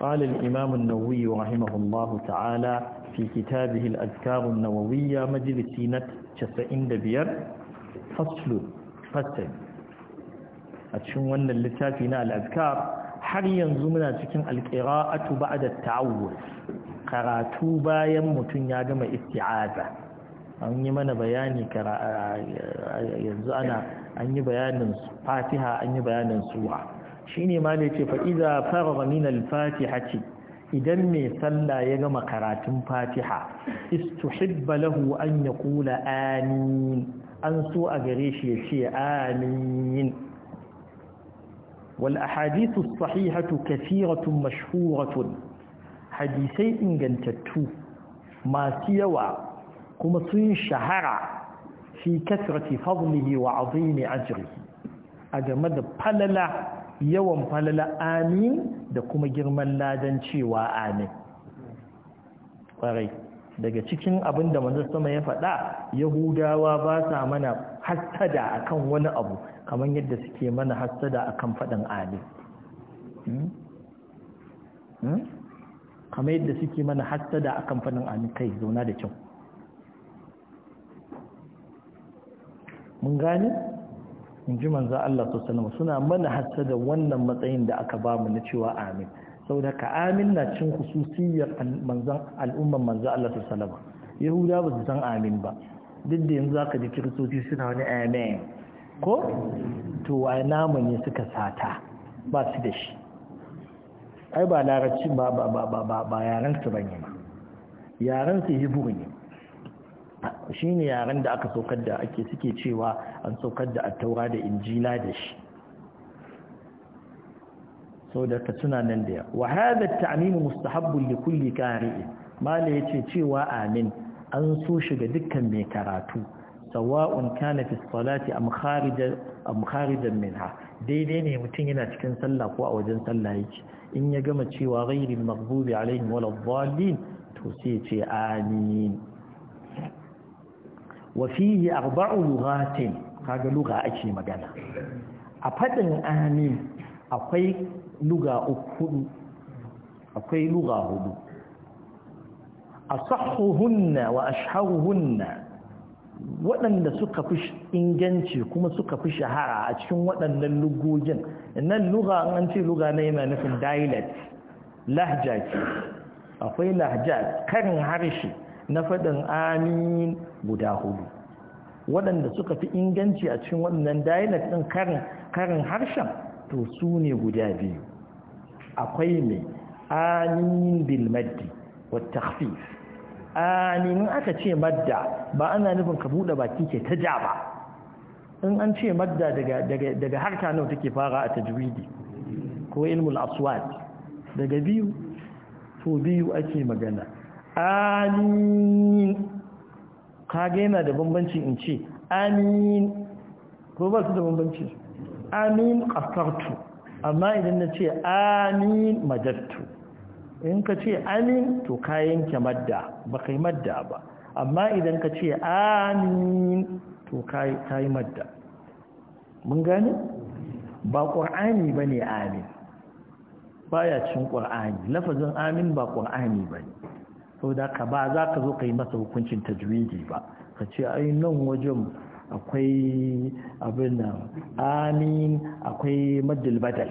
قال الإمام النووي رحمه الله تعالى في كتابه الأذكار النووية مجلس نت شسئين a cikin wannan littafi na الأذكار har yanzu muna cikin alƙira'atu ba'da ta'awwur karatu bayan mutum ya gama isti'aza an yi mana bayani yanzu ana an yi bayanin fatiha an yi bayanin suwa shine ma da yake fa idza faragha min idan mai sallah ya gama karatun fatiha istuhibba lahu an kula amin an so a gare shi ya ce amin wal ahadithu sahihatu kathiratun mashhuratun hadisai ingantattu masu yawa kuma sun shahara fi kasrati fadlihi wa azimi a game da falala yawan falala amin da kuma girman ladan cewa amin ƙwarai daga cikin abin da manzon sama ya faɗa yahudawa ba sa mana hassada akan wani abu kamar yadda suke mana hassada akan faɗin amin hmm? Hmm? kamar yadda suke mana hassada akan faɗin amin kai zauna da kyau mun gane in ji manzo Allah sallallahu suna mana da wannan matsayin da aka ba mu na cewa amin saboda ka amin na cin hususiyar manzon al'umman manzo Allah sallallahu yahuda ba su san amin ba duk da yanzu zaka ji kiristoci suna wani amin ko to wai namu ne suka sata ba su da shi ai ba larabci ba ba ba ba ba yaran su bane ma yaran su hibru ne shine yaren da aka saukar da ake suke cewa an saukar da attaura da injila da shi sau da ka suna nan da yawa hada aminu mustahabbun li kulli qari'in ya ce cewa amin an so shiga dukkan mai karatu sawa'un kana fi salati am kharijan minha daidai ne mutum yana cikin sallah ko a wajen sallah yake in ya gama cewa ghayril maghdubi alaihim waladdallin to sai ce amin wa fihi arba'u lughatin kaga lugha ake magana a fadin amin akwai lugha uku akwai lugha hudu asahhuhunna wa ashharuhunna waɗanda suka fi inganci kuma suka fi shahara a cikin waɗannan lugujin. nan lugha an ce lugha na yana nufin dialect lahja akwai lahja karin harshe na faɗin amin guda hudu waɗanda suka fi inganci a cikin waɗannan dialect ɗin karin harshen to su ne guda biyu akwai mai amin bil maddi wa takhfif amin aka ce madda ba ana nufin ka bude baki ke ta ja ba in an ce madda daga harka nawa take fara a tajwidi ko ilmul aswad daga biyu to biyu ake magana amin kage yana da bambanci in ce amin ko ba su da bambanci amin qatartu amma idan na ce amin madattu in ka ce amin to ka yanke madda ba kai madda ba amma idan ka ce amin to ka yi madda mun gane ba ƙur'ani ba ne amin baya cin ƙur'ani lafazin amin ba ƙur'ani ba ne sau da ka ba za ka zo ka yi masa hukuncin tajwidi ba ka ce ai nan wajen akwai abin nan amin akwai madal badal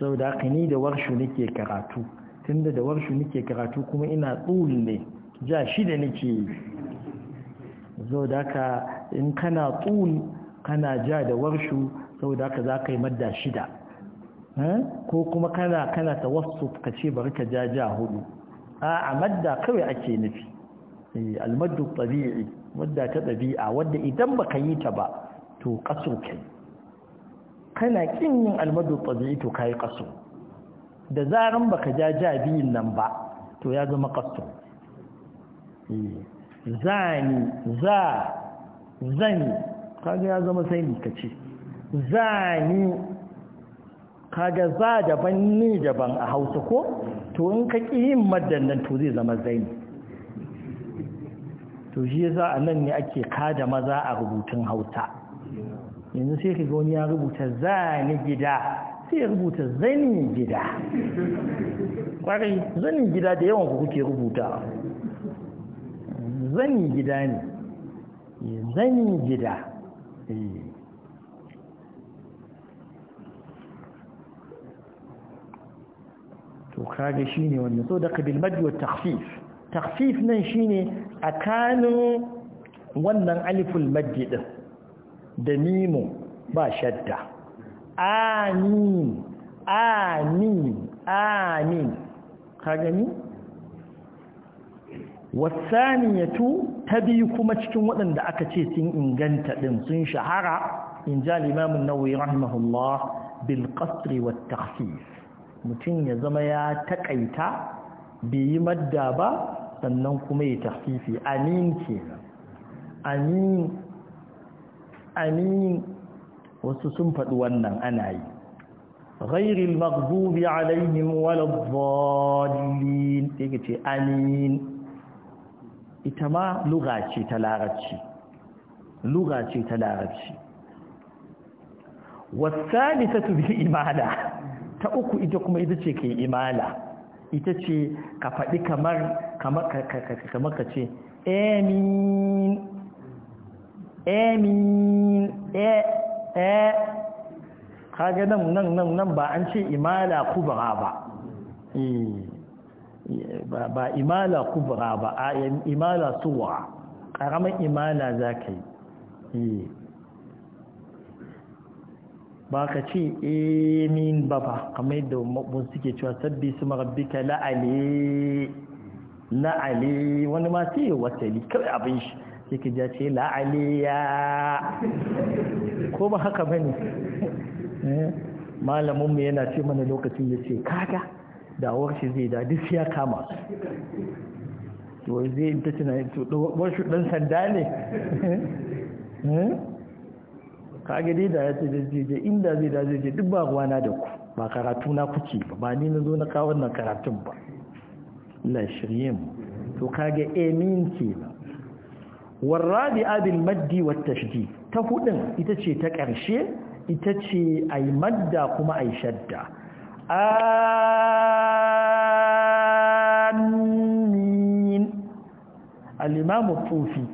sau da ka ni da warshu nake karatu Tun da da warshu nake karatu kuma ina tsul ne ja shida nake yi sau da ka in kana tsul kana ja da warshu sau da ka za ka yi madda shida eh? ko kuma kana kana tawassuf ka ce bari ka ja ja hudu a'a madda kawai ake nufi eh, almaddu tabi'i madda ta tabi'a wadda idan baka yi ta ba to kaso kai kana kin yin almaddu tabi'i to kai kaso da zaran baka ja jabiyin nan ba to ya zama kaso eh, zani za zani kaga ya zama sai ni kace zani kaga za daban ni daban a Hausa ko to in ka ƙi yin maddan to zai zama zaini to shi ya sa a nan ne ake kada maza a rubutun hauta yanzu sai ka wani ya rubuta zani gida sai ya rubuta zanin gida kwarai zanin gida da yawan ku kuke rubuta zani gida ne eh, zani gida eh. kaga shine wannan so da kabil wa takhfif takhfif nan shine akanin wannan aliful maddi din da mimu ba shadda amin amin amin kaga ni wasaniyatu ta biyu kuma cikin waɗanda aka ce sun inganta ɗin sun shahara in ja limamin nawawi rahimahullah bil qasri wat takhfif mutum ya zama ya taƙaita bi yi madda ba sannan kuma ya tafifi amin ke amin amin wasu sun faɗi wannan ana yi غير المغضوب عليهم ولا الضالين تيجي امين اتما لغه شي ce لغه شي lugha والثالثه ta ta uku ita kuma ita ce ke imala ita ce ka faɗi kamar kamar ka ce amin amin eh eh kaga nan nan nan nan ba an ce imala kubra ba eh, eh, ba imala kubra ba a imala suwa ƙaramin imala za ka yi eh. ba ka ce amin eh, ba ba kamar yadda mabun suke cewa sabbi su marabbika la'ale la'ale wani ma sai wasali kawai abin shi sai ka ja ce la'ale ya ko ba haka bane eh, malamin mu yana ce mana lokacin ya ce kaga dawar shi zai da duk ya kama to zai ta to ɗan sanda ne eh, Ka ga dai da ya ce zai je inda zai da zai je duk ba ruwana da ku ba karatu na kuke ba ba ni na zo na kawo wannan karatun ba la shirye mu to ga amin ke ba warrabi abil maddi wat tashdi ta huɗun, ita ce ta karshe ita ce yi madda kuma yi shadda amin al-imam tufi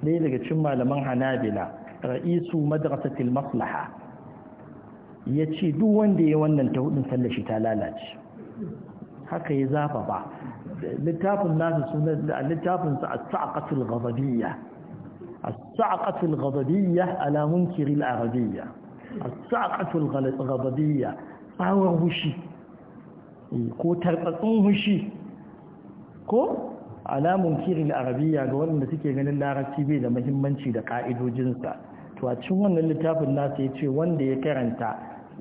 ne daga cin malaman hanabila ra'isu madrasatil maslaha ya ce duk wanda ya wannan ta hudun sallashi ta lalace haka ya zafa ba littafin nasa sunan littafinsa a sa'aqatul ghadabiyya الصعقة الغضبية على منكر العربية الصعقة الغضبية tsawon hushi eh, ko tarbatsun hushi ko alamun kirin arabiya ga waɗanda suke ganin larabci bai da muhimmanci da ƙa'idojinsa to a cikin wannan littafin nasa ya ce wanda ya karanta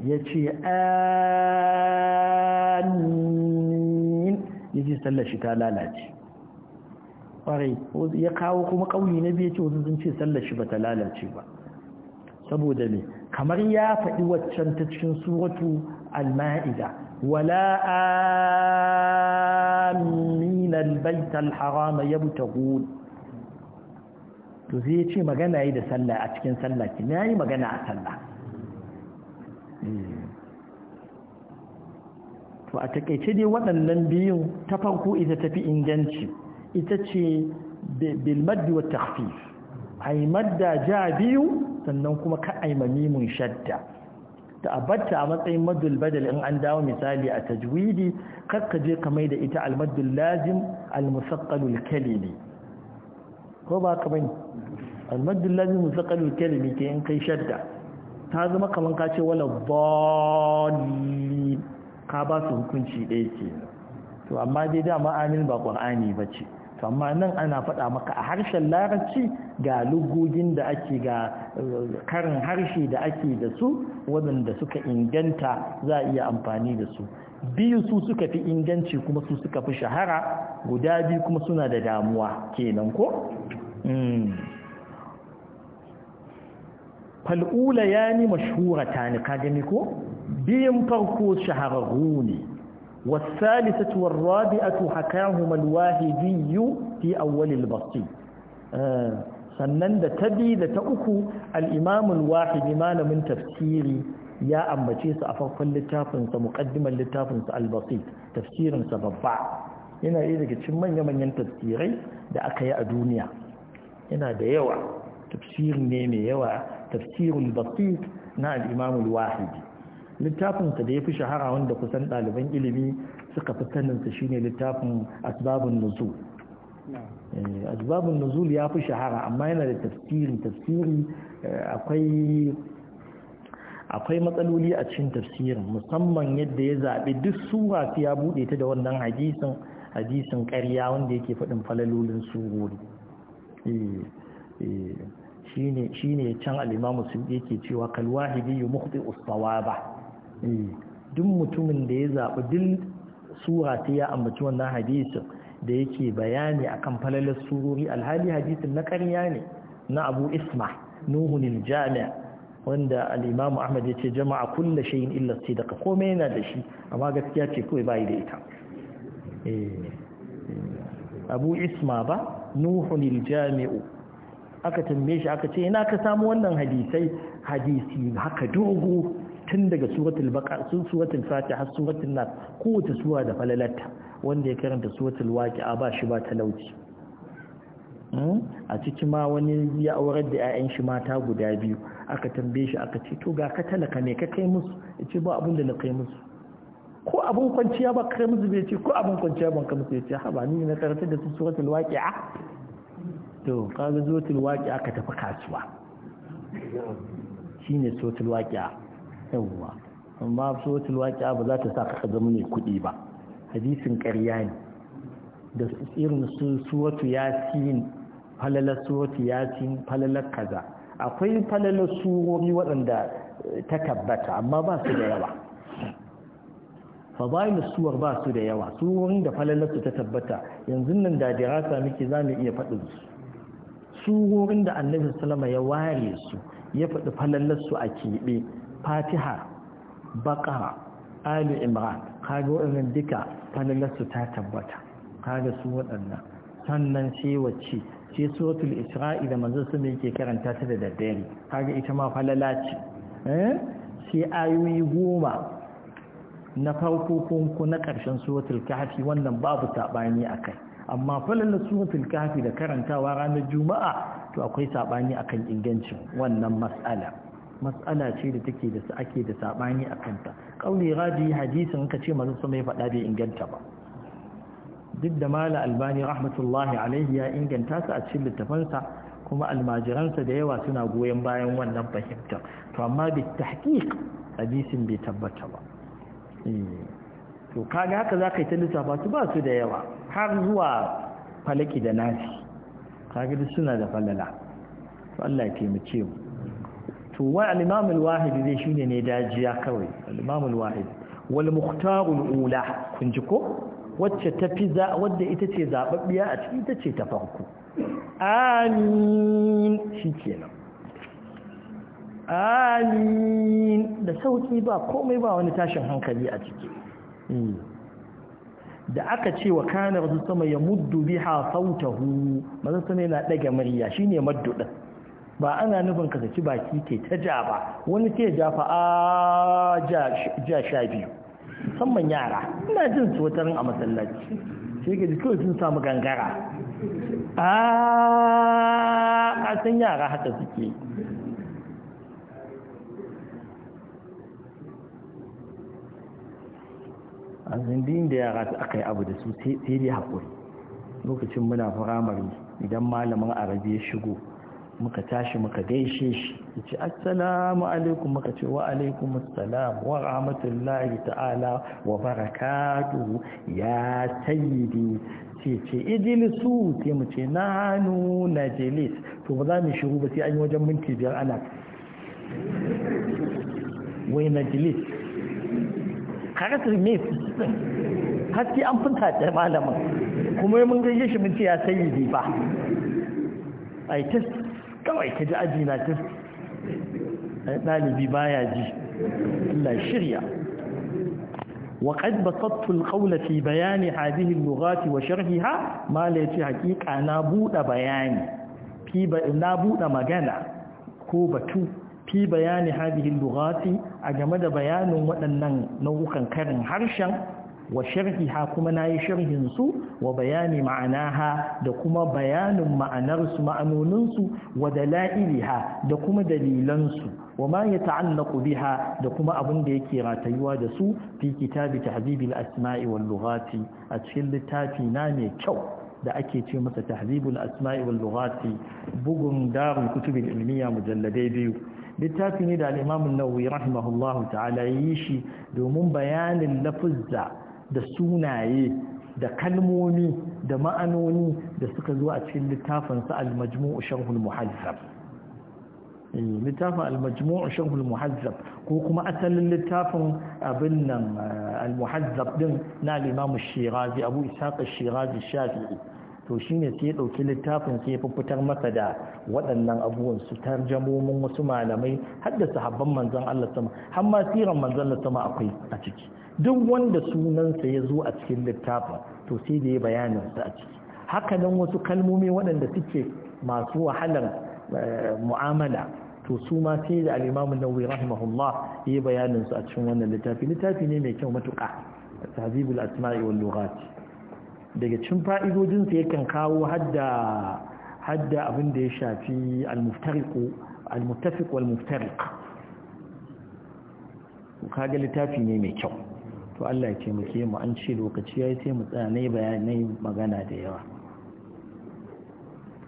ya ce amin ya ji sallar shi ta lalace ƙwarai ya kawo kuma ƙauye na biya ce wasu sun ce sallar shi ba ta lalace ba saboda ne kamar ya faɗi waccan ta cikin suratu al-ma'ida wala amin al ya harama yabtaghun to sai ya ce magana yi da sallah a cikin sallah ki na yi magana a sallah eh. to a takaice dai waɗannan biyun ta farko ita tafi inganci ita ce bilmaddi wa tafif aimadda ja biyu sannan kuma ka aimami mun shadda ta abatta a matsayin maddul badal in an dawo misali a tajwidi kakka je ka mai da ita almaddul lazim almusaqqalul kalimi ko ba ka bane almaddul lazim mustaqalul kalimi ke in kai shadda ta zama kamar ka ce wala bali ka ba su hukunci ɗaya ke to amma dai dama amin ba qur'ani bace to amma nan ana faɗa maka a harshen larabci ga lugogin da ake ga eh, karin harshe da ake da su waɗanda suka inganta za a iya amfani da su biyu su suka fi inganci kuma su suka fi shahara guda biyu kuma suna da damuwa kenan ko hmm. fal'ula ya ni mashhurata ne ka gani ko biyun farko shahararru ne والثالثة والرابعة حكاهما الواهدي في أول البسيط sannan da ta biyu da ta uku al'imamun wahidi malamin tafsiri ya ambace su a farkon littafinsa muƙaddimar littafinsa al-basit tafsirinsa babba yana ɗaya daga cikin manya-manyan tafsirai da aka yi a duniya yana da yawa tafsirin ne mai yawa tafsirin basit na al wahidi littafinsa da ya fi shahara wanda kusan ɗaliban ilimi suka fi saninsa shine littafin asbabun nuzul eh, asbabun nuzul ya fi shahara amma yana da tafsiri tafsiri eh, akwai akwai matsaloli a cikin tafsirin musamman yadda ya zaɓi duk sura ya buɗe ta da wannan hadisin hadisin ƙarya wanda yake faɗin falalolin surori eh, eh, shi ne can alimamu su yake cewa kalwa hibi yi mukhti usawa ba eh, duk mutumin da ya zaɓi duk sura ta ya ambaci wannan hadisin da yake bayani a kan falalar surori alhali hadisin na ƙarya ne na abu isma nuhunin jami'a wanda al'imamu ahmad ya ce jama'a kulle shayin illa daga komai yana da shi amma gaskiya ce kawai bayi da ita eh, eh, abu isma ba nuhun jami'u aka tambaye shi aka ce ina ka samu wannan hadisai hadisi haka dogo tun daga suratul baka sun suratul fatiha suratul nas kowace sura da falalarta wanda ya karanta suratul waqi'a ba shi ba talauci Hmm? a ciki ma wani ya aurar da 'ya'yan shi mata guda biyu aka tambaye shi aka ce to ga ka talaka me ka kai musu ya ce ba abin da na kai musu ko abin kwanciya ba kai musu bai ce ko abin kwanciya ban kai musu ya ce haba ni na karatar da su suratul waqi'a to ga suratul waqi'a ka tafi kasuwa shine suratul waqi'a yawwa amma suratul waqi'a ba za ta sa ka zama mai kuɗi ba hadisin ƙarya ne da irin su suwatu yasin falalar surati yasin falalar kaza akwai falalar surori waɗanda eh, ta tabbata amma ba su da yawa fadailus suwar ba su da yawa surorin da su ta tabbata yanzu nan da dirasa muke za mu iya faɗin su surorin da annabi salama ya ware su ya faɗi falalarsu a keɓe fatiha baƙara alu imran kaga waɗannan duka falalarsu ta tabbata kaga su waɗannan sannan sai wacce ce suratul isra'i da manzon sun yake karanta ta da daddare kaga ita ma falala ce eh? sai ayoyi goma na farko ko na ƙarshen suratul kahfi wannan babu sabani akai amma falala suratul kahfi da karantawa ranar juma'a to akwai sabani akan ingancin wannan mas'ala mas'ala ce da take da ake da sabani akan ta kauli radi hadisin ka ce manzon mai faɗa bai inganta ba duk da mala albani rahmatullahi alaihi ya inganta su a cikin littafansa kuma almajiransa da yawa suna goyon bayan wannan fahimta to amma bi tahqiq hadisin bai tabbata ba eh, to kaga haka zaka yi ta lissafa su ba su da yawa har zuwa falaki da nasi kaga duk suna da falala to Allah ya taimake mu to wa al-imam al-wahid zai shine ne dajiya kawai al-imam al-wahid wal mukhtar al-ula kun ji ko wacce ta fi wadda ita ce zaɓaɓɓiya a ciki ita ce ta farko amin shi nan amin da sauƙi ba komai ba wani tashin hankali a ciki hmm. da aka ce wa kana rasu sama ya muddu biha sautahu mazan sama yana ɗaga murya Shi ne ɗin ba ana nufin ka saki baki ke ta ja ba wani ke ja fa ah, a ja sha biyu musamman yara ina jin su wata a masallaci sai ga kawai sun samu gangara a san yara haka suke a zindin da yara aka yi abu da su sai dai haƙuri lokacin muna firamare idan malamin arabi ya shigo muka tashi muka gaishe shi yace assalamu alaikum muka ce wa alaikum assalam wa rahmatullahi ta'ala wa barakatuhu ya sayyidi ce ce ijlisu sai mu ce nanu najlis to ba za mu shiru ba sai an yi wajen minti biyar ana wai najlis karatar me haske an funta da malamin kuma mun gaishe shi mun ce ya sayyidi ba ai test kawai ka ji aji na ta eh, ɗalibi baya ji la shirya wa qad basattu al fi bayani hadhihi al wa sharhi ma la yati haqiqa na buda bayani fi na buda magana ko batu fi bayani hadhihi al a game da bayanin waɗannan nau'ukan karin harshen wa sharhiha kuma nayi sharhin su wa bayani ma'anaha da kuma bayanin ma'anar su ma'anonin su wa dalailiha da kuma dalilan su wa ma yata'allaqu biha da kuma abin da yake ratayuwa da su fi kitabi tahzibil asma'i wal lughati a cikin littafi na mai kyau da ake ce masa tahzibul asma'i wal lughati bugun darul kutubil ilmiya mujalladai biyu littafi ne da al-imam an-nawawi rahimahullahu ta'ala yi shi domin bayanin lafuzza da sunaye da kalmomi da ma'anoni da suka zo a cikin littafinsa al-majmu'u sharhul muhazzab eh, littafin al-majmu'u sharhul muhazzab ko kuma asalin littafin abin nan eh, al-muhazzab din na al-imam shirazi abu ishaq shirazi shafi'i to shine sai ya dauki littafin sai ya fitar masa da waɗannan abubuwan su tarjamomin wasu malamai har da sahabban manzon Allah sama har ma siran manzon Allah sama akwai a ciki duk wanda sunansa ya zo a cikin littafin to sai da ya bayanin su a ciki haka nan wasu kalmomi waɗanda suke masu wahalar eh, mu'amala to su ma sai da al-Imam an rahimahullah ya bayanin su a cikin wannan littafi littafi ne mai kyau matuƙa tazibul asma'i wal daga cikin fa'idojin sa yakan kawo hadda hadda abin da ya shafi al-muftariq al wal muftariq kaga littafi ne mai kyau to Allah ya taimake mu an ce lokaci yayi sai mu tsaya yi bayanai magana da yawa